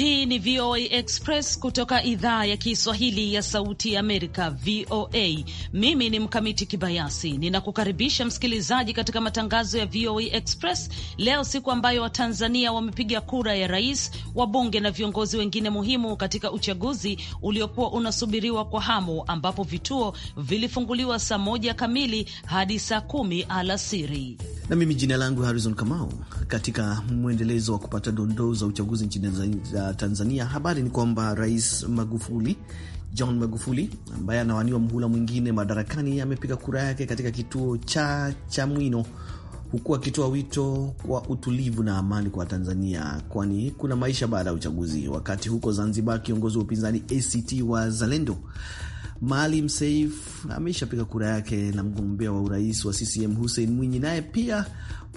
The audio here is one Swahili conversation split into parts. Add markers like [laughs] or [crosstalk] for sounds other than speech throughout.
Hii ni VOA Express kutoka idhaa ya Kiswahili ya Sauti ya Amerika, VOA. Mimi ni Mkamiti Kibayasi, ninakukaribisha msikilizaji katika matangazo ya VOA Express leo, siku ambayo Watanzania wamepiga kura ya rais, wabunge na viongozi wengine muhimu katika uchaguzi uliokuwa unasubiriwa kwa hamu, ambapo vituo vilifunguliwa saa moja kamili hadi saa kumi alasiri. Na mimi jina langu Harrison Kamau. Katika mwendelezo wa kupata dondoo za uchaguzi nchini Tanzania, habari ni kwamba Rais Magufuli John Magufuli ambaye anawaniwa mhula mwingine madarakani amepiga kura yake katika kituo cha Chamwino huku akitoa wito kwa utulivu na amani kwa Tanzania, kwani kuna maisha baada ya uchaguzi. Wakati huko Zanzibar, kiongozi wa upinzani ACT wa Zalendo Maalim Seif ameshapiga kura yake na mgombea wa urais wa CCM Hussein Mwinyi naye pia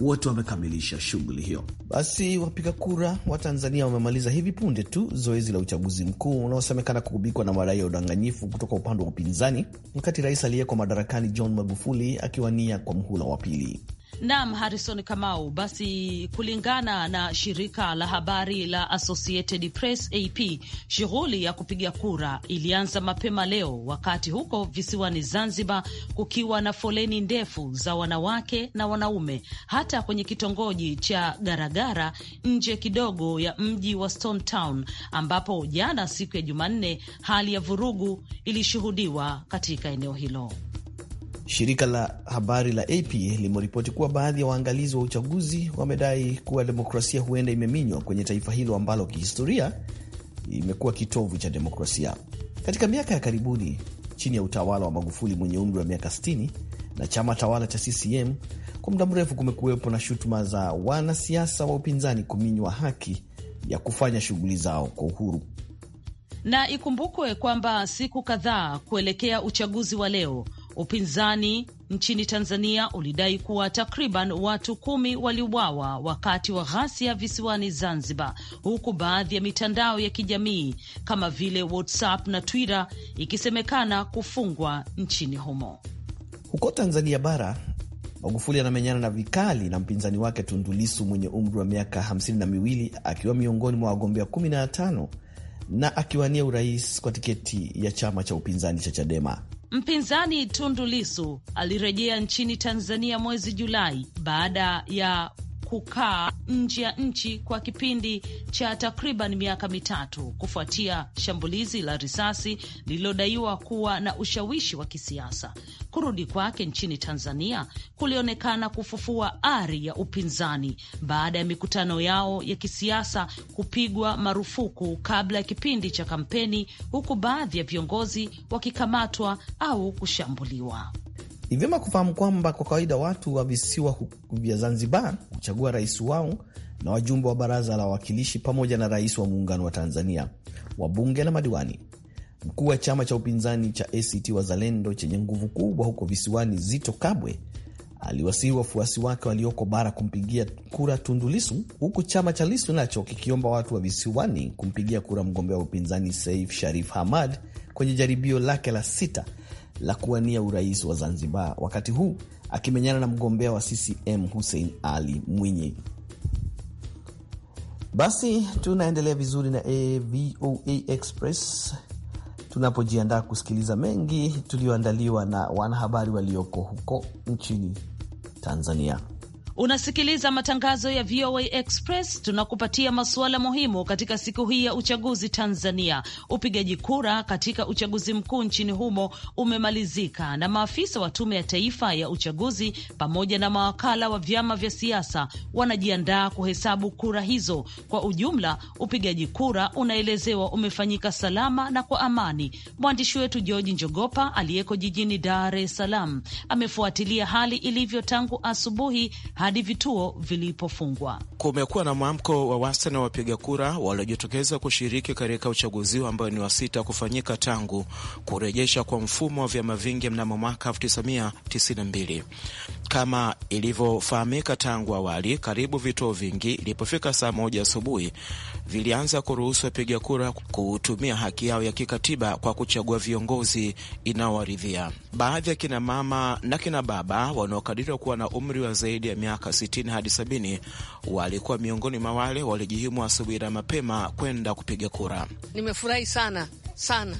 wote wamekamilisha shughuli hiyo. Basi wapiga kura wa Tanzania wamemaliza hivi punde tu zoezi la uchaguzi mkuu unaosemekana kugubikwa na madai ya udanganyifu kutoka upande wa upinzani, wakati rais aliyeko madarakani John Magufuli akiwania kwa mhula wa pili. Naam, Harrison Kamau. Basi, kulingana na shirika la habari la Associated Press AP, shughuli ya kupiga kura ilianza mapema leo, wakati huko visiwani Zanzibar kukiwa na foleni ndefu za wanawake na wanaume, hata kwenye kitongoji cha Garagara nje kidogo ya mji wa Stone Town, ambapo jana siku ya Jumanne hali ya vurugu ilishuhudiwa katika eneo hilo. Shirika la habari la AP limeripoti kuwa baadhi ya waangalizi wa uchaguzi wamedai kuwa demokrasia huenda imeminywa kwenye taifa hilo ambalo kihistoria imekuwa kitovu cha demokrasia. Katika miaka ya karibuni, chini ya utawala wa Magufuli mwenye umri wa miaka 60 na chama tawala cha CCM, kwa muda mrefu kumekuwepo na shutuma za wanasiasa wa upinzani kuminywa haki ya kufanya shughuli zao kwa uhuru na ikumbukwe kwamba siku kadhaa kuelekea uchaguzi wa leo Upinzani nchini Tanzania ulidai kuwa takriban watu kumi waliuawa wakati wa ghasia visiwani Zanzibar, huku baadhi ya mitandao ya kijamii kama vile WhatsApp na Twitter ikisemekana kufungwa nchini humo. Huko Tanzania bara Magufuli anamenyana na vikali na mpinzani wake Tundulisu mwenye umri wa miaka hamsini na miwili akiwa miongoni mwa wagombea 15 na akiwania urais kwa tiketi ya chama cha upinzani cha Chadema. Mpinzani Tundu Lisu alirejea nchini Tanzania mwezi Julai baada ya kukaa nje ya nchi kwa kipindi cha takriban miaka mitatu kufuatia shambulizi la risasi lililodaiwa kuwa na ushawishi wa kisiasa. Kurudi kwake nchini Tanzania kulionekana kufufua ari ya upinzani baada ya mikutano yao ya kisiasa kupigwa marufuku kabla ya kipindi cha kampeni, huku baadhi ya viongozi wakikamatwa au kushambuliwa. Ni vyema kufahamu kwamba kwa kawaida watu wa visiwa vya Zanzibar huchagua rais wao na wajumbe wa baraza la wawakilishi pamoja na rais wa muungano wa Tanzania, wabunge na madiwani. Mkuu wa chama cha upinzani cha ACT Wazalendo chenye nguvu kubwa huko visiwani, Zito Kabwe aliwasihi wafuasi wake walioko bara kumpigia kura Tundu Lissu, huku chama cha Lissu nacho kikiomba watu wa visiwani kumpigia kura mgombea wa upinzani saif Sharif Hamad kwenye jaribio lake la sita la kuwania urais wa Zanzibar, wakati huu akimenyana na mgombea wa CCM Hussein Ali Mwinyi. Basi tunaendelea vizuri na AVOA eh, Express tunapojiandaa kusikiliza mengi tuliyoandaliwa na wanahabari walioko huko nchini Tanzania. Unasikiliza matangazo ya VOA Express, tunakupatia masuala muhimu katika siku hii ya uchaguzi Tanzania. Upigaji kura katika uchaguzi mkuu nchini humo umemalizika na maafisa wa Tume ya Taifa ya Uchaguzi pamoja na mawakala wa vyama vya siasa wanajiandaa kuhesabu kura hizo. Kwa ujumla, upigaji kura unaelezewa umefanyika salama na kwa amani. Mwandishi wetu George Njogopa aliyeko jijini Dar es Salaam amefuatilia hali ilivyo tangu asubuhi hadi vituo vilipofungwa. Kumekuwa na mwamko wa wastani wa wapiga kura waliojitokeza kushiriki katika uchaguzi huo ambao ni wa sita kufanyika tangu kurejesha kwa mfumo wa vyama vingi mnamo mwaka 1992. Kama ilivyofahamika tangu awali, karibu vituo vingi ilipofika saa moja asubuhi vilianza kuruhusu wapiga kura kutumia haki yao ya kikatiba kwa kuchagua viongozi inaowaridhia. Baadhi ya kina mama na kina baba wanaokadiriwa kuwa na umri wa zaidi ya miaka 60 hadi 70 walikuwa miongoni mwa wale walijihimu asubuhi na mapema kwenda kupiga kura. Nimefurahi sana sana.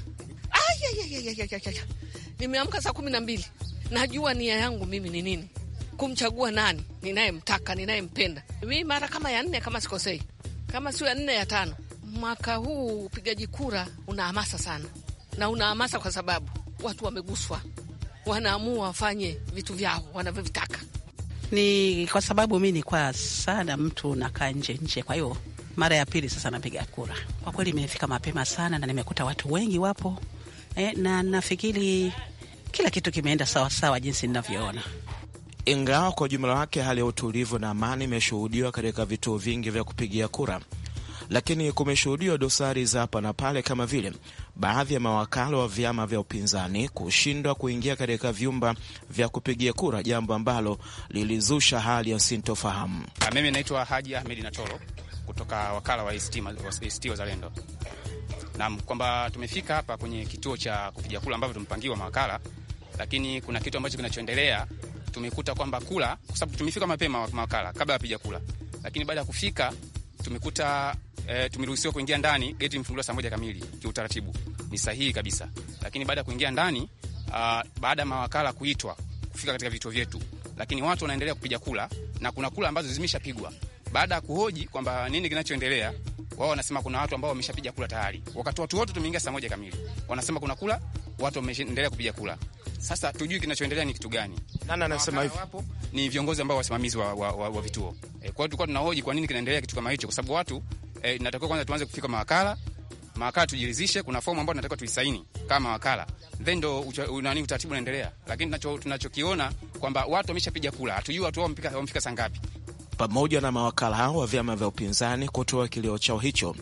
Nimeamka saa kumi na mbili. Najua nia yangu mimi ni nini, kumchagua nani ninayemtaka, ninayempenda. Mi mara kama ya nne, kama sikosei, kama sio ya nne, ya tano. Mwaka huu upigaji kura una hamasa sana, na una hamasa kwa sababu watu wameguswa, wanaamua wafanye vitu vyao wanavyovitaka ni kwa sababu mi kwa sana mtu nakaa nje nje, kwa hiyo mara ya pili sasa napiga kura. Kwa kweli nimefika mapema sana na nimekuta watu wengi wapo e, na nafikiri kila kitu kimeenda sawasawa jinsi ninavyoona. Ingawa kwa ujumla wake hali ya utulivu na amani imeshuhudiwa katika vituo vingi vya kupigia kura, lakini kumeshuhudiwa dosari za hapa na pale, kama vile baadhi ya mawakala wa vyama vya upinzani kushindwa kuingia katika vyumba vya kupigia kura, jambo ambalo lilizusha hali ya sintofahamu. Ah, mimi naitwa Haji Ahmedi Natoro kutoka wakala wa ACT Wazalendo, nam kwamba tumefika hapa kwenye kituo cha kupiga kura ambavyo tumepangiwa mawakala, lakini kuna kitu ambacho kinachoendelea. Tumekuta kwamba kula, kwa sababu tumefika mapema mawakala kabla ya kupiga kula, lakini baada ya kufika tumekuta e, tumeruhusiwa kuingia ndani, geti imefunguliwa saa moja kamili kiutaratibu, ni sahihi kabisa. Lakini baada ya kuingia ndani, a, ah, baada ya mawakala kuitwa kufika katika vituo vyetu, lakini watu wanaendelea kupiga kula na kuna kula ambazo zimeshapigwa. Baada ya kuhoji kwamba nini kinachoendelea, wao wanasema kuna watu ambao wameshapiga kula tayari. Wakati watu wote tumeingia saa moja kamili, wanasema kuna kula, watu wameendelea kupiga kula. Sasa tujui kinachoendelea ni kitu gani. Nani anasema hivi? Wapo ni viongozi ambao wasimamizi wa, wa, wa, wa vituo. E, kwa hiyo tulikuwa tunahoji kwa nini kinaendelea kitu kama hicho, kwa sababu watu eh, natakiwa kwanza tuanze kufika mawakala mawakala tujirizishe kuna fomu ambayo tunatakiwa tuisaini kama wakala, then ndo nani utaratibu unaendelea. Lakini tunacho tunachokiona kwamba watu wameshapiga kula, hatujui watu wamefika saa ngapi. Pamoja na mawakala hao wa vyama vya upinzani kutoa kilio chao hicho,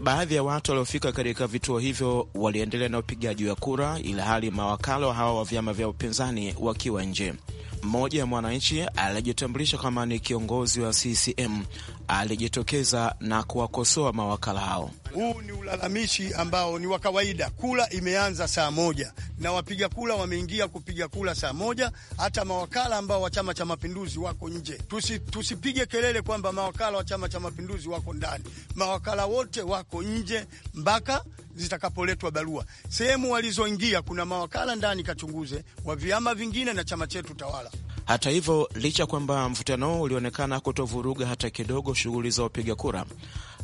Baadhi ya watu waliofika katika vituo hivyo waliendelea na upigaji wa kura, ila hali mawakala hawa wa vyama vya upinzani wakiwa nje. Mmoja ya mwananchi alijitambulisha kama ni kiongozi wa CCM alijitokeza na kuwakosoa mawakala hao. Huu ni ulalamishi ambao ni wa kawaida. Kura imeanza saa moja, na wapiga kula wameingia kupiga kula saa moja. Hata mawakala ambao wa Chama cha Mapinduzi wako nje, tusi, tusipige kelele kwamba mawakala wa Chama cha Mapinduzi wako ndani. Mawakala wote wako nje mpaka zitakapoletwa barua. Sehemu walizoingia kuna mawakala ndani, kachunguze wa vyama vingine na chama chetu tawala. Hata hivyo, licha kwamba mvutano ulionekana kutovuruga hata kidogo shughuli za wapiga kura,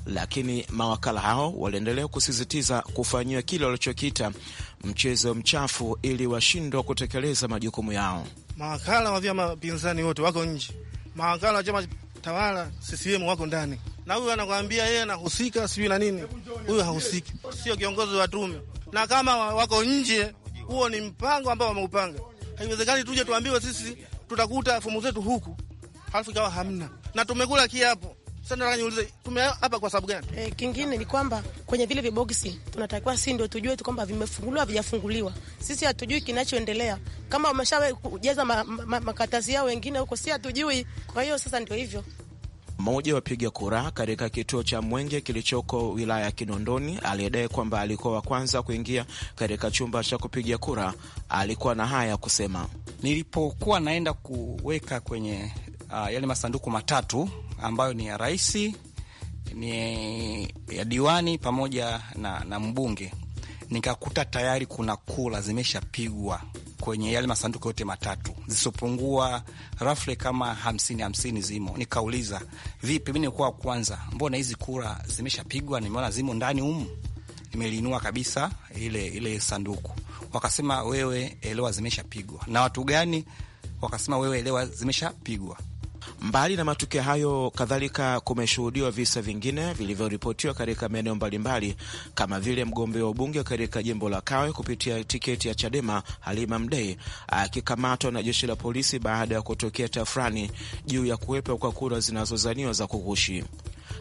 lakini mawakala hao waliendelea kusisitiza kufanyiwa kile walichokiita mchezo mchafu ili washindwa kutekeleza majukumu yao. Mawakala wa vyama pinzani wote wako nje, mawakala wa chama tawala CCM wako ndani, na huyu anakwambia yeye anahusika sijui na nini, huyu hahusiki, sio kiongozi wa tume. Na kama wako nje, huo ni mpango ambao wameupanga. Haiwezekani tuje tuambiwe sisi tutakuta fomu zetu huku halafu ikawa hamna, na tumekula kiapo. Sasa nataka niulize hapa kwa sababu gani? Eh, kingine ni kwamba kwenye vile viboksi tunatakiwa si ndio tujue tu kwamba vimefunguliwa vijafunguliwa. Sisi hatujui kinachoendelea. Kama wameshajaza makatasi ma, ma, ma yao wengine huko si hatujui. Kwa hiyo sasa ndio hivyo. Mmoja wa wapiga kura katika kituo cha Mwenge kilichoko wilaya ya Kinondoni aliyedai kwamba alikuwa wa kwanza kuingia katika chumba cha kupiga kura alikuwa na haya ya kusema: nilipokuwa naenda kuweka kwenye uh, yale masanduku matatu ambayo ni ya rais, ni ya diwani pamoja na, na mbunge nikakuta tayari kuna kula zimeshapigwa kwenye yale masanduku yote matatu, zisopungua rafle kama hamsini hamsini zimo. Nikauliza, vipi, mi nikuwa kwanza, mbona hizi kura zimeshapigwa? Nimeona zimo ndani humu, nimeliinua kabisa ile ile sanduku. Wakasema wewe elewa zimeshapigwa. Na watu gani? Wakasema wewe elewa zimeshapigwa. Mbali na matukio hayo, kadhalika kumeshuhudiwa visa vingine vilivyoripotiwa katika maeneo mbalimbali, kama vile mgombea wa ubunge katika jimbo la Kawe kupitia tiketi ya Chadema Halima mdei akikamatwa na jeshi la polisi baada ya kutokea tafrani juu ya kuwepo kwa kura zinazozaniwa za kugushi.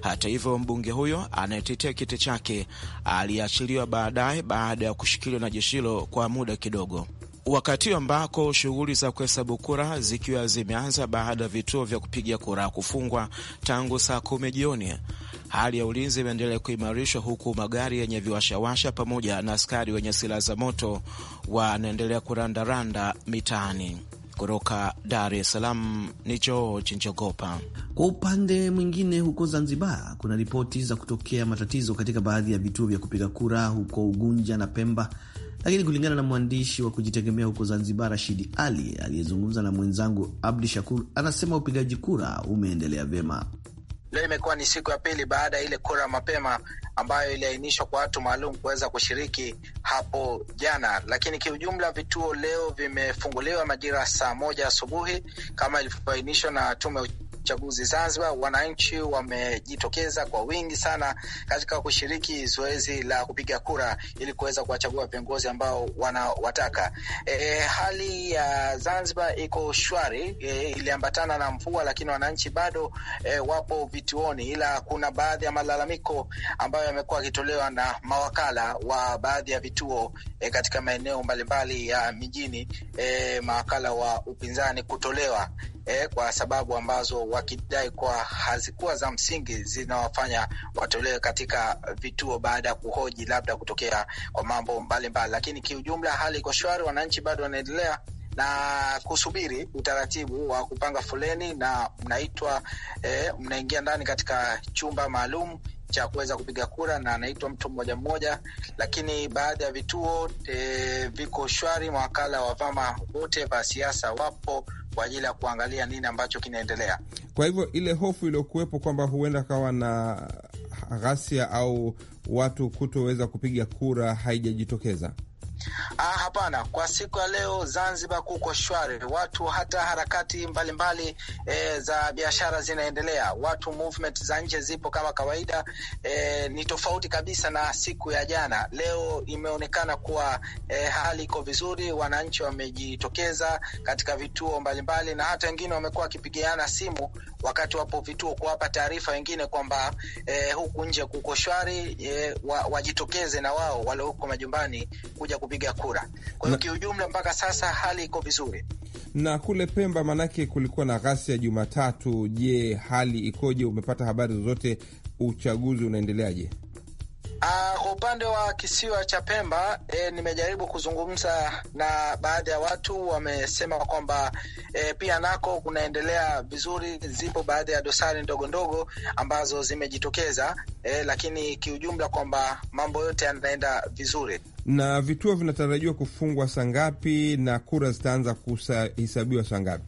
Hata hivyo mbunge huyo anayetetea kiti chake aliachiliwa baadaye baada ya kushikiliwa na jeshi hilo kwa muda kidogo wakati ambako shughuli za kuhesabu kura zikiwa zimeanza baada ya vituo vya kupiga kura kufungwa tangu saa kumi jioni. Hali ya ulinzi imeendelea kuimarishwa huku magari yenye viwashawasha pamoja na askari wenye silaha za moto wanaendelea kurandaranda mitaani. Kutoka Dar es Salaam ni George Njogopa. Kwa upande mwingine, huko Zanzibar kuna ripoti za kutokea matatizo katika baadhi ya vituo vya kupiga kura huko Ugunja na Pemba lakini kulingana na mwandishi wa kujitegemea huko Zanzibar, Rashidi Ali, aliyezungumza na mwenzangu Abdi Shakur, anasema upigaji kura umeendelea vyema. Leo imekuwa ni siku ya pili baada ya ile kura mapema ambayo iliainishwa kwa watu maalum kuweza kushiriki hapo jana, lakini kiujumla vituo leo vimefunguliwa majira saa moja asubuhi kama ilivyoainishwa na tume uchaguzi Zanzibar, wananchi wamejitokeza kwa wingi sana katika kushiriki zoezi la kupiga kura ili kuweza kuwachagua viongozi ambao wanawataka. E, hali ya Zanzibar iko shwari, e, iliambatana na mvua, lakini wananchi bado e, wapo vituoni, ila kuna baadhi ya malalamiko ambayo yamekuwa yakitolewa na mawakala wa baadhi ya vituo e, katika maeneo mbalimbali ya mijini, e, mawakala wa upinzani kutolewa eh, kwa sababu ambazo wakidai kuwa hazikuwa za msingi zinawafanya watolewe katika vituo baada ya kuhoji labda kutokea kwa mambo mbalimbali, lakini kiujumla hali iko shwari, wananchi bado wanaendelea na kusubiri utaratibu wa kupanga foleni na mnaitwa, eh, mnaingia ndani katika chumba maalum cha kuweza kupiga kura na anaitwa mtu mmoja mmoja, lakini baadhi ya vituo e, viko shwari. Mawakala wa vyama wote vya siasa wapo kwa ajili ya kuangalia nini ambacho kinaendelea. Kwa hivyo ile hofu iliyokuwepo kwamba huenda kawa na ghasia au watu kutoweza kupiga kura haijajitokeza. Ah, hapana, kwa siku ya leo Zanzibar kuko shwari, watu hata harakati mbalimbali mbali, eh, e, za biashara zinaendelea, watu movement za nje zipo kama kawaida. E, ni tofauti kabisa na siku ya jana. Leo imeonekana kuwa e, hali iko vizuri, wananchi wamejitokeza katika vituo mbalimbali mbali, na hata wengine wamekuwa wakipigiana simu wakati wapo vituo kuwapa taarifa wengine kwamba e, huku nje kuko shwari e, wa, wajitokeze na wao wale huko majumbani kuja kupi kupiga kura. Kwa hiyo kiujumla, mpaka sasa hali iko vizuri. Na kule Pemba, maanake kulikuwa na ghasia Jumatatu. Je, hali ikoje? Umepata habari zozote? Uchaguzi unaendeleaje? Uh, kwa upande wa kisiwa cha Pemba e, nimejaribu kuzungumza na baadhi ya watu wamesema kwamba e, pia nako kunaendelea vizuri. Zipo baadhi ya dosari ndogo ndogo ambazo zimejitokeza e, lakini kiujumla kwamba mambo yote yanaenda vizuri. Na vituo vinatarajiwa kufungwa saa ngapi na kura zitaanza kuhesabiwa saa ngapi?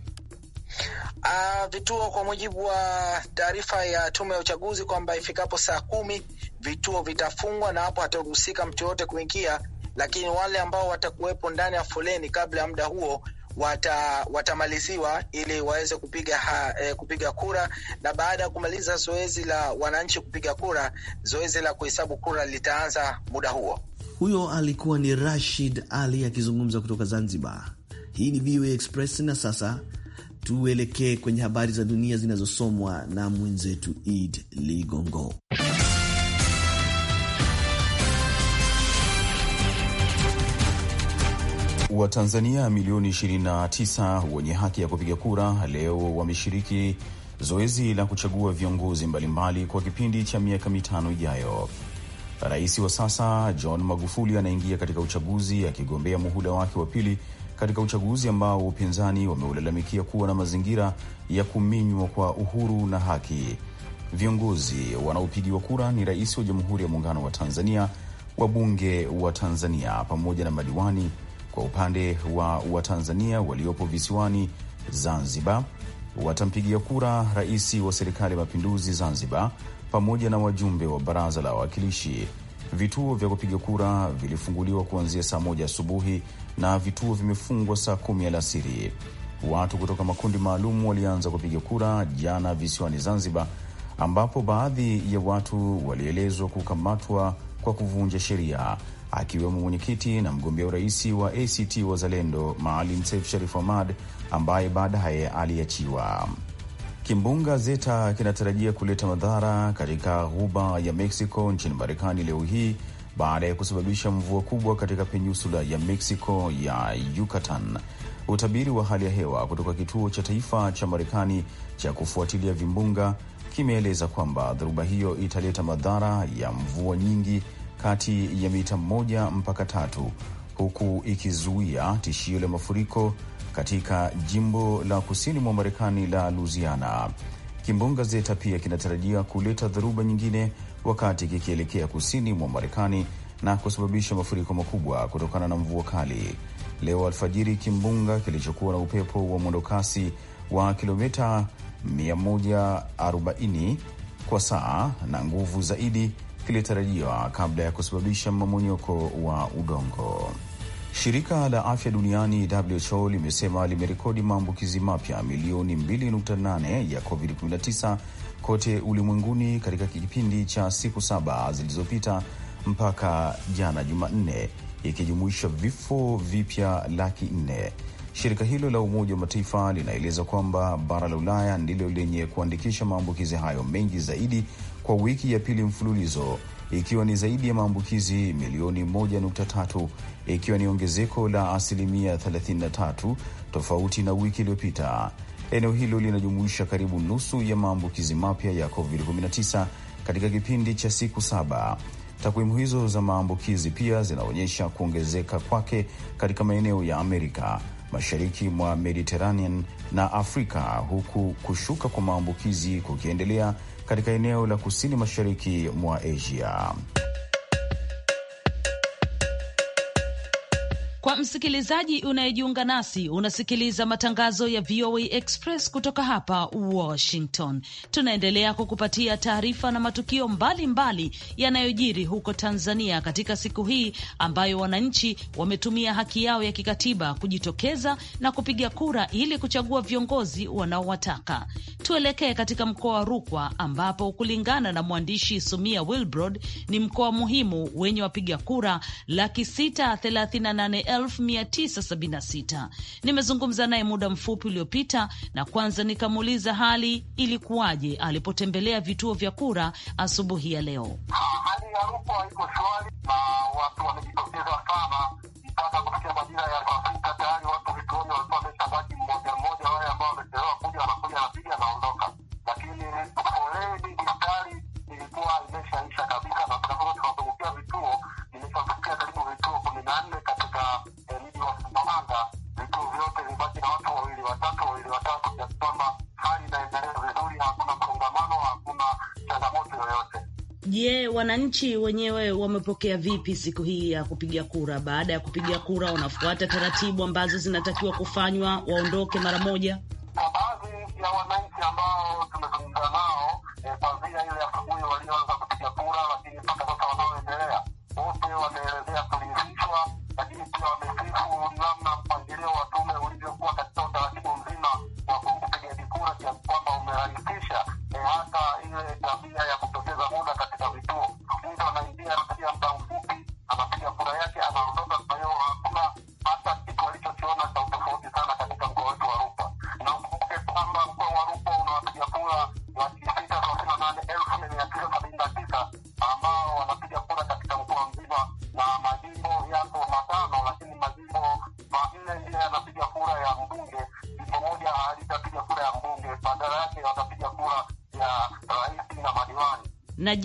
Uh, vituo kwa mujibu wa taarifa ya tume ya uchaguzi kwamba ifikapo saa kumi vituo vitafungwa na hapo hataruhusika mtu yoyote kuingia, lakini wale ambao watakuwepo ndani ya foleni kabla ya muda huo wata, watamaliziwa ili waweze kupiga, ha, eh, kupiga kura. Na baada ya kumaliza zoezi la wananchi kupiga kura, zoezi la kuhesabu kura litaanza muda huo. Huyo alikuwa ni Rashid Ali akizungumza kutoka Zanzibar. Hii ni VOA Express na sasa tuelekee kwenye habari za dunia zinazosomwa na mwenzetu Id Ligongo. Watanzania milioni 29 wenye haki ya kupiga kura leo wameshiriki zoezi la kuchagua viongozi mbalimbali kwa kipindi cha miaka mitano ijayo. Rais wa sasa John Magufuli anaingia katika uchaguzi akigombea muhula wake wa pili katika uchaguzi ambao upinzani wameulalamikia kuwa na mazingira ya kuminywa kwa uhuru na haki. Viongozi wanaopigiwa kura ni rais wa Jamhuri ya Muungano wa Tanzania, wabunge wa Tanzania pamoja na madiwani kwa upande wa Watanzania waliopo visiwani Zanzibar watampigia kura rais wa serikali ya mapinduzi Zanzibar pamoja na wajumbe wa baraza la wawakilishi. Vituo vya kupiga kura vilifunguliwa kuanzia saa moja asubuhi na vituo vimefungwa saa kumi alasiri. Watu kutoka makundi maalum walianza kupiga kura jana visiwani Zanzibar, ambapo baadhi ya watu walielezwa kukamatwa kwa kuvunja sheria, akiwemo mwenyekiti na mgombea urais wa ACT Wazalendo Maalim Seif Sharif Hamad ambaye baadaye aliachiwa. Kimbunga Zeta kinatarajia kuleta madhara katika ghuba ya Mexico nchini Marekani leo hii baada ya kusababisha mvua kubwa katika peninsula ya Mexico ya Yucatan. Utabiri wa hali ya hewa kutoka kituo cha taifa cha Marekani cha kufuatilia vimbunga kimeeleza kwamba dhoruba hiyo italeta madhara ya mvua nyingi kati ya mita moja mpaka tatu, huku ikizuia tishio la mafuriko katika jimbo la kusini mwa Marekani la Louisiana. Kimbunga Zeta pia kinatarajia kuleta dharuba nyingine wakati kikielekea kusini mwa Marekani na kusababisha mafuriko makubwa kutokana na mvua kali. Leo alfajiri, kimbunga kilichokuwa na upepo wa mwendokasi wa kilomita 140 kwa saa na nguvu zaidi kilitarajiwa kabla ya kusababisha mmomonyoko wa udongo. Shirika la afya duniani WHO limesema limerekodi maambukizi mapya milioni 2.8 ya COVID-19 kote ulimwenguni katika kipindi cha siku saba zilizopita mpaka jana Jumanne, ikijumuisha vifo vipya laki nne. Shirika hilo la Umoja wa Mataifa linaeleza kwamba bara la Ulaya ndilo lenye kuandikisha maambukizi hayo mengi zaidi kwa wiki ya pili mfululizo ikiwa ni zaidi ya maambukizi milioni 1.3 ikiwa ni ongezeko la asilimia 33 tofauti na wiki iliyopita. Eneo hilo linajumuisha karibu nusu ya maambukizi mapya ya COVID-19 katika kipindi cha siku saba. Takwimu hizo za maambukizi pia zinaonyesha kuongezeka kwake katika maeneo ya Amerika mashariki mwa Mediterranean na Afrika, huku kushuka kwa maambukizi kukiendelea katika eneo la kusini mashariki mwa Asia. Kwa msikilizaji unayejiunga nasi, unasikiliza matangazo ya VOA Express kutoka hapa Washington. Tunaendelea kukupatia taarifa na matukio mbalimbali yanayojiri huko Tanzania katika siku hii ambayo wananchi wametumia haki yao ya kikatiba kujitokeza na kupiga kura ili kuchagua viongozi wanaowataka. Tuelekee katika mkoa wa Rukwa ambapo kulingana na mwandishi Sumia Wilbrod ni mkoa muhimu wenye wapiga kura laki sita thelathini na nane 1976. Nimezungumza naye muda mfupi uliopita, na kwanza nikamuuliza hali ilikuwaje alipotembelea vituo vya kura asubuhi ya leo. Hali ya shwari na watu wamejitokeza sana mpaka kufikia majira ya saa sita tayari watu vituoni walikuwa wameshabaki mmoja mmoja, wale ambao wamechelewa kuja wanakuja lakini foleni mstari ilikuwa imeshaisha kabisa, na vituo, karibu vituo kumi na nne katika watatu wawili watatu, ya kwamba hali inaendelea vizuri, hakuna msongamano, hakuna changamoto yoyote. Je, wananchi wenyewe wamepokea vipi siku hii ya kupiga kura? Baada ya kupiga kura, wanafuata taratibu ambazo zinatakiwa kufanywa, waondoke mara moja?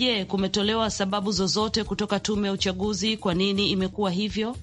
Je, kumetolewa sababu zozote kutoka tume ya uchaguzi kwa nini imekuwa hivyo?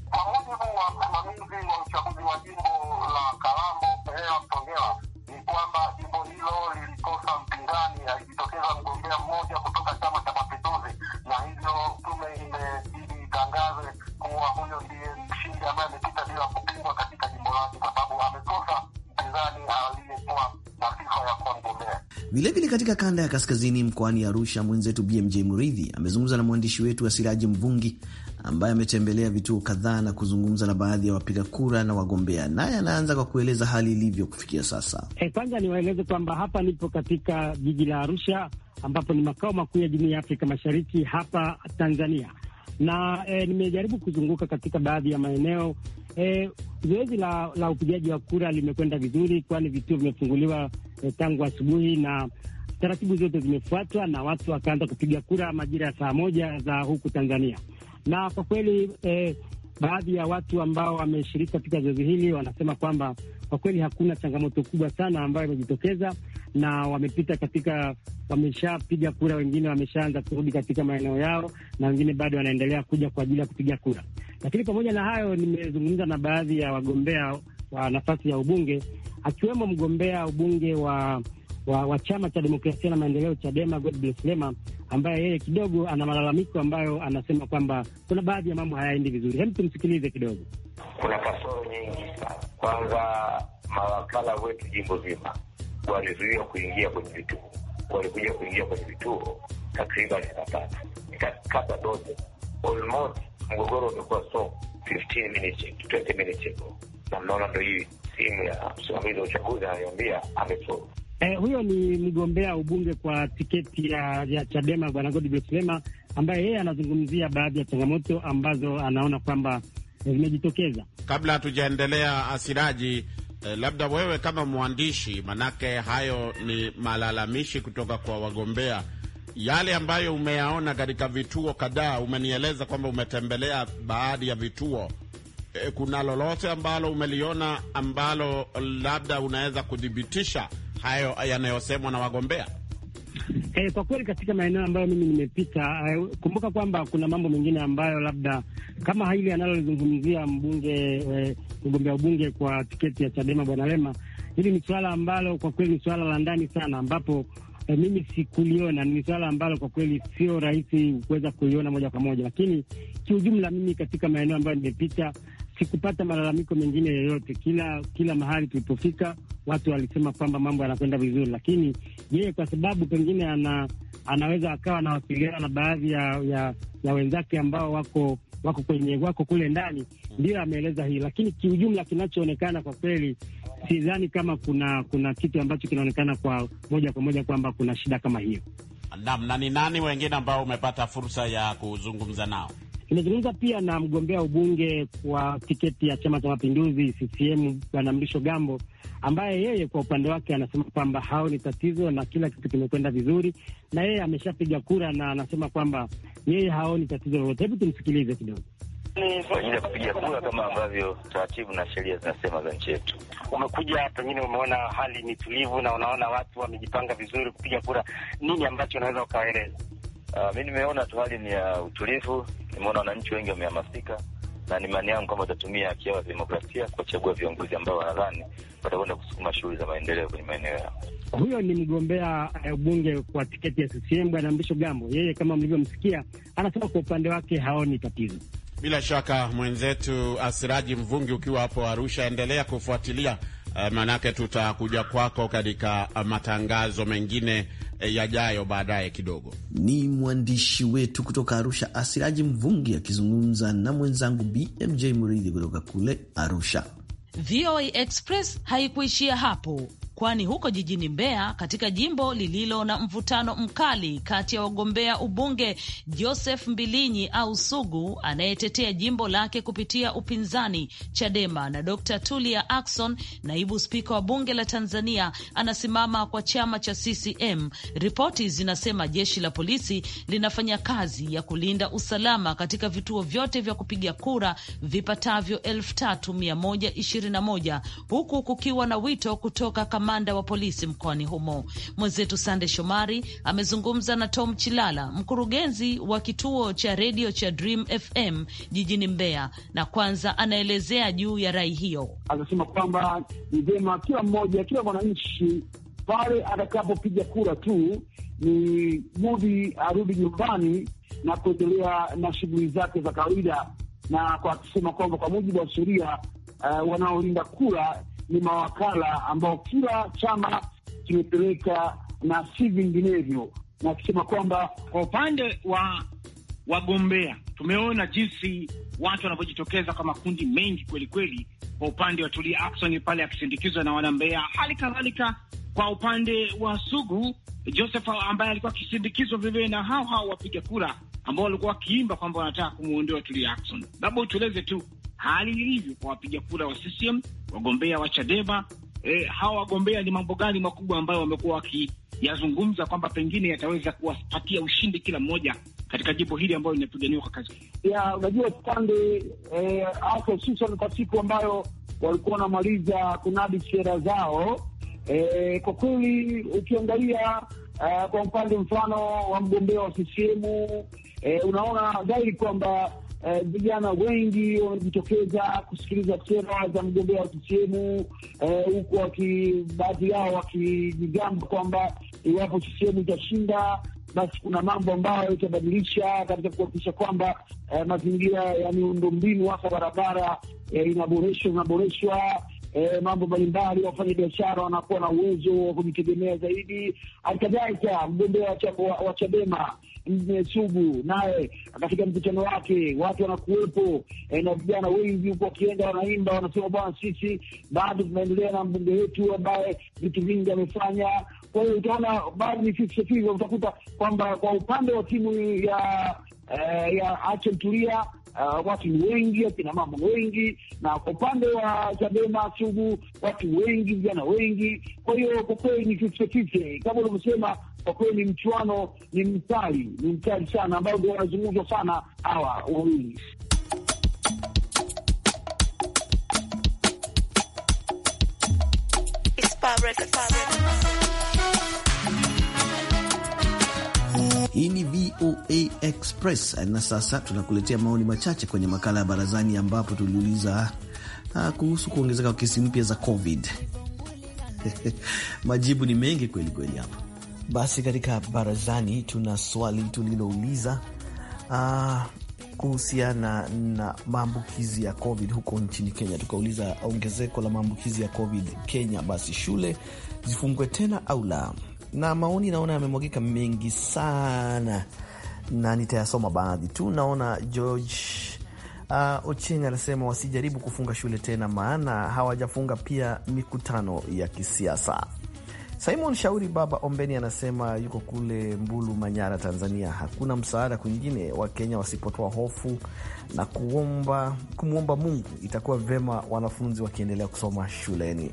Vilevile katika kanda ya kaskazini mkoani Arusha, mwenzetu BMJ Mridhi amezungumza na mwandishi wetu wa Siraji Mvungi ambaye ametembelea vituo kadhaa na kuzungumza na baadhi ya wapiga kura na wagombea, naye anaanza kwa kueleza hali ilivyo kufikia sasa. Eh, kwanza hey, niwaeleze kwamba hapa nipo katika jiji la Arusha ambapo ni makao makuu ya Jumuiya ya Afrika Mashariki hapa Tanzania na e, nimejaribu kuzunguka katika baadhi ya maeneo eh, zoezi la, la upigaji wa kura limekwenda vizuri, kwani vituo vimefunguliwa Eh, tangu asubuhi na taratibu zote zimefuatwa na watu wakaanza kupiga kura majira ya saa moja za huku Tanzania. Na kwa kweli eh, baadhi ya watu ambao wameshiriki katika zoezi hili wanasema kwamba kwa kweli hakuna changamoto kubwa sana ambayo imejitokeza, na wamepita katika, wameshapiga kura, wengine wameshaanza kurudi katika maeneo yao, na wengine bado wanaendelea kuja kwa ajili ya kupiga kura. Lakini pamoja na hayo, nimezungumza na baadhi ya wagombea wa nafasi ya ubunge akiwemo mgombea ubunge wa wa, wa chama cha demokrasia na maendeleo Chadema, Godbless Lema, ambaye yeye kidogo ana malalamiko ambayo anasema kwamba kuna baadhi ya mambo hayaendi vizuri. Hebu tumsikilize kidogo. Kuna kasoro nyingi sana. Kwanza, mawakala wetu jimbo zima walizuiwa kuingia kwenye vituo, walikuja kuingia kwenye vituo takriban saa tatu kata dozi Almost mgogoro umekuwa so 15 minutes 20 minutes ago na mnaona ndo hii sehemu ya msimamizi wa uchaguzi ananiambia amefuzu. Eh, huyo ni mgombea ubunge kwa tiketi ya, ya Chadema bwana Godbless Lema ambaye yeye anazungumzia baadhi ya changamoto ambazo anaona kwamba eh, zimejitokeza. Kabla hatujaendelea, Asiraji, eh, labda wewe kama mwandishi, manake hayo ni malalamishi kutoka kwa wagombea, yale ambayo umeyaona katika vituo kadhaa, umenieleza kwamba umetembelea baadhi ya vituo Eh, kuna lolote ambalo umeliona ambalo labda unaweza kudhibitisha hayo yanayosemwa na wagombea? E, kwa kweli katika maeneo ambayo mimi nimepita, eh, kumbuka kwamba kuna mambo mengine ambayo labda kama hili analolizungumzia mbunge mgombea ubunge kwa tiketi ya Chadema Bwana Lema, hili ni suala ambalo kwa kweli ni suala la ndani sana, ambapo e, mimi sikuliona. Ni swala ambalo kwa kweli sio rahisi kuweza kuliona moja kwa moja, lakini kiujumla, mimi katika maeneo ambayo nimepita sikupata malalamiko mengine yoyote. Kila kila mahali tulipofika, watu walisema kwamba mambo yanakwenda vizuri, lakini yeye kwa sababu pengine ana anaweza akawa anawasiliana na baadhi ya, ya, ya wenzake ambao wako wako kwenye wako kule ndani, ndiyo ameeleza hii. Lakini kiujumla, kinachoonekana kwa kweli, sidhani kama kuna kuna kitu ambacho kinaonekana kwa moja kwa moja kwamba kuna shida kama hiyo. Naam. Na ni nani wengine ambao umepata fursa ya kuzungumza nao? Nimezungumza pia na mgombea ubunge kwa tiketi ya Chama cha Mapinduzi CCM Bwana Mrisho Gambo, ambaye yeye kwa upande wake anasema kwamba hao ni tatizo na kila kitu kimekwenda vizuri, na yeye ameshapiga kura na anasema kwamba yeye haoni tatizo lolote. Hebu tumsikilize kidogo mm, kwa ajili ya kupiga kura kama ambavyo taratibu na sheria zinasema za nchi yetu. Umekuja pengine umeona hali ni tulivu na unaona watu wamejipanga vizuri kupiga kura, nini ambacho unaweza ukaeleza? Uh, mi nimeona tu hali ni ya utulivu, nimeona wananchi wengi wamehamasika, na ni maana yangu kwamba watatumia haki yao ya demokrasia kuwachagua viongozi ambao wanadhani watakwenda kusukuma shughuli za maendeleo kwenye maeneo yao. Huyo ni mgombea ubunge eh, kwa tiketi ya CCM Bwana Mrisho Gambo. Yeye kama mlivyomsikia, anasema kwa upande wake haoni tatizo. Bila shaka mwenzetu Asiraji Mvungi, ukiwa hapo Arusha, endelea kufuatilia uh, maanake tutakuja kwako katika uh, matangazo mengine Eh, yajayo baadaye kidogo. Ni mwandishi wetu kutoka Arusha, Asiraji Mvungi akizungumza na mwenzangu BMJ Muridhi kutoka kule Arusha. VOA Express haikuishia hapo kwani huko jijini Mbeya, katika jimbo lililo na mvutano mkali kati ya wagombea ubunge Joseph Mbilinyi au Sugu anayetetea jimbo lake kupitia upinzani Chadema na Dr. Tulia Akson, naibu spika wa bunge la Tanzania, anasimama kwa chama cha CCM. Ripoti zinasema jeshi la polisi linafanya kazi ya kulinda usalama katika vituo vyote vya kupiga kura vipatavyo 3121 huku kukiwa na wito kutoka kama kamanda wa polisi mkoani humo. Mwenzetu Sande Shomari amezungumza na Tom Chilala, mkurugenzi wa kituo cha redio cha Dream FM jijini Mbeya, na kwanza anaelezea juu ya rai hiyo. Anasema kwamba ni vyema kila mmoja, kila mwananchi pale atakapopiga kura tu ni mudi arudi nyumbani na kuendelea na shughuli zake za kawaida, na kwa kusema kwamba kwa mujibu wa sheria uh, wanaolinda kura ni mawakala ambao kila chama kimepeleka na si vinginevyo, na akisema kwamba kwa upande wa wagombea tumeona jinsi watu wanavyojitokeza kwa makundi mengi kweli kweli. Kwa upande wa Tulia Ackson pale akisindikizwa na wanambea, hali kadhalika kwa upande wa Sugu Joseph ambaye alikuwa akisindikizwa vilevile na hao hao wapiga kura ambao walikuwa wakiimba kwamba wanataka kumwondoa Tulia Ackson. Labda utueleze tu hali ilivyo kwa wapiga kura wa CCM wagombea wa Chadema e, hawa wagombea ni mambo gani makubwa ambayo wamekuwa wakiyazungumza kwamba pengine yataweza kuwapatia ushindi kila mmoja katika jimbo hili ambayo linapiganiwa kwa kazi ya Unajua pande e, hususan kwa siku ambayo walikuwa wanamaliza kunadi sera zao e, kwa kweli ukiangalia Uh, kwa upande mfano wa mgombea wa CCM eh, unaona dhahiri kwamba Eh, vijana eh, wengi wamejitokeza kusikiliza sera za mgombea wa CCM eh, huku eh, baadhi yao wakijigamba kwamba iwapo CCM itashinda basi kuna mambo ambayo itabadilisha katika kuhakikisha kwamba eh, mazingira ya miundombinu hasa barabara eh, inaboreshwa inaboreshwa e, mambo mbalimbali, wafanya biashara wanakuwa na uwezo wa kujitegemea zaidi. Halikadhalika mgombea wa Chadema Mzee Sugu naye katika mkutano wake watu wanakuwepo eh, na vijana wengi huko wakienda wanaimba, wanasema bwana, sisi bado tunaendelea na mbunge wetu ambaye vitu vingi amefanya. Kwa hiyo utaona bado ni fifty fifty, utakuta kwamba kwa upande wa timu ya eh, ya Achen Tulia Uh, watu ni wengi, akina mama wengi, na kwa upande wa Chadema sugu watu wengi, vijana wengi. Kwa hiyo kwa kweli ni fifty fifty kama ulivyosema. Kwa kweli ni mchuano, ni mkali, ni mkali sana, ambao ndio wanazungumzwa sana hawa wawili. Hii ni VOA Express, na sasa tunakuletea maoni machache kwenye makala ya barazani, ambapo tuliuliza ah, kuhusu kuongezeka kwa kesi mpya za COVID. [laughs] Majibu ni mengi kweli kweli hapa. Basi katika barazani tuna swali tulilouliza ah, kuhusiana na maambukizi ya COVID huko nchini Kenya. Tukauliza ongezeko la maambukizi ya COVID Kenya, basi shule zifungwe tena au la? na maoni naona yamemwagika mengi sana, na nitayasoma baadhi tu. Naona George uh, Ocheng anasema wasijaribu kufunga shule tena, maana hawajafunga pia mikutano ya kisiasa. Simon Shauri Baba Ombeni anasema yuko kule Mbulu, Manyara, Tanzania. Hakuna msaada kwingine, Wakenya wasipotoa hofu na kuomba kumwomba Mungu, itakuwa vema wanafunzi wakiendelea kusoma shuleni.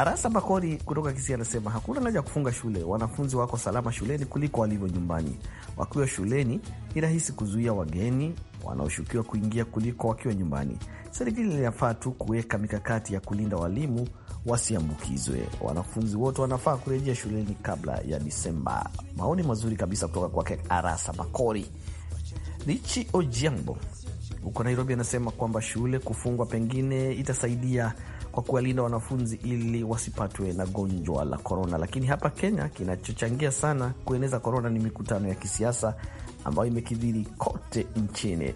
Arasa Bakori kutoka Kisii anasema hakuna haja ya kufunga shule, wanafunzi wako salama shuleni kuliko walivyo nyumbani. Wakiwa shuleni ni rahisi kuzuia wageni wanaoshukiwa kuingia kuliko wakiwa nyumbani. Serikali inafaa tu kuweka mikakati ya kulinda walimu wasiambukizwe. Wanafunzi wote wanafaa kurejea shuleni kabla ya Disemba. Maoni mazuri kabisa kutoka kwake Arasa Bakori. Richi Ojiambo huko Nairobi anasema kwamba shule kufungwa pengine itasaidia kwa kuwalinda wanafunzi ili wasipatwe na gonjwa la korona. Lakini hapa Kenya, kinachochangia sana kueneza korona ni mikutano ya kisiasa ambayo imekidhiri kote nchini.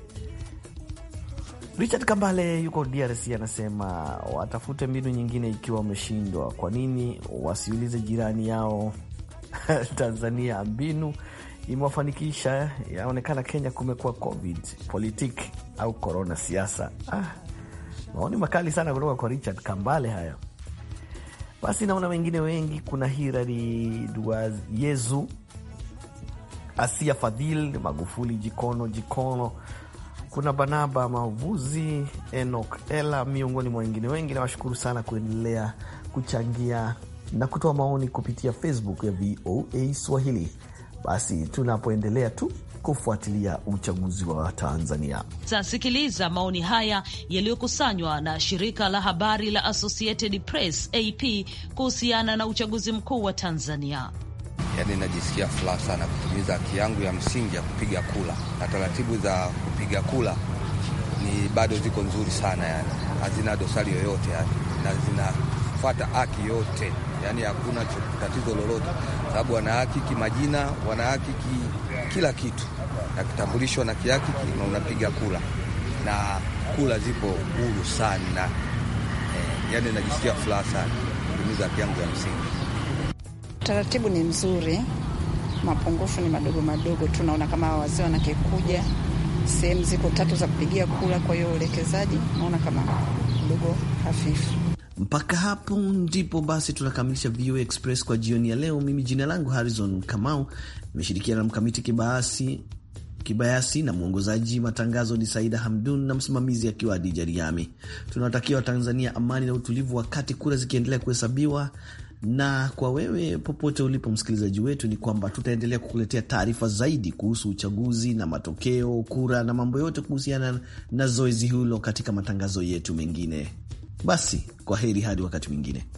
Richard Kambale yuko DRC anasema watafute mbinu nyingine ikiwa wameshindwa. Kwa nini wasiulize jirani yao [laughs] Tanzania? Mbinu imewafanikisha, yaonekana Kenya kumekuwa covid politik au korona siasa. Ah. Maoni makali sana kutoka kwa Richard Kambale hayo. Basi naona wengine wengi, kuna Hirari Yezu, Asia Fadhil, Magufuli Jikono Jikono, kuna Banaba Mavuzi, Enok Ela, miongoni mwa wengine wengi. Nawashukuru sana kuendelea kuchangia na kutoa maoni kupitia Facebook ya VOA Swahili. Basi tunapoendelea tu kufuatilia uchaguzi wa Tanzania. Tasikiliza maoni haya yaliyokusanywa na shirika la habari la Associated Press AP kuhusiana na uchaguzi mkuu wa Tanzania. Yaani, najisikia furaha sana kutimiza haki yangu ya msingi ya kupiga kula, na taratibu za kupiga kula ni bado ziko nzuri sana, yani hazina dosari yoyote yani, na zinafuata haki yote, yani hakuna tatizo lolote, sababu wanahakiki majina, wanahakiki kila kitu na kitambulisho na kiaki na unapiga kula na kula zipo huru sana eh, yani najisikia furaha sana kutumiza haki yangu ya msingi. Taratibu ni mzuri, mapungufu ni madogo madogo. Tunaona kama wazee wanakekuja, sehemu ziko tatu za kupigia kula, kwa hiyo uelekezaji naona kama mdogo hafifu. Mpaka hapo ndipo basi tunakamilisha VOA Express kwa jioni ya leo. Mimi jina langu Harrison Kamau, nimeshirikiana na mkamiti kibayasi kibayasi na mwongozaji matangazo ni Saida Hamdun na msimamizi akiwa Adija Riami. Tunawatakia Watanzania amani na utulivu wakati kura zikiendelea kuhesabiwa na kwa wewe popote ulipo msikilizaji wetu, ni kwamba tutaendelea kukuletea taarifa zaidi kuhusu uchaguzi na matokeo, kura na mambo yote kuhusiana na zoezi hilo katika matangazo yetu mengine. Basi kwa heri hadi wakati mwingine.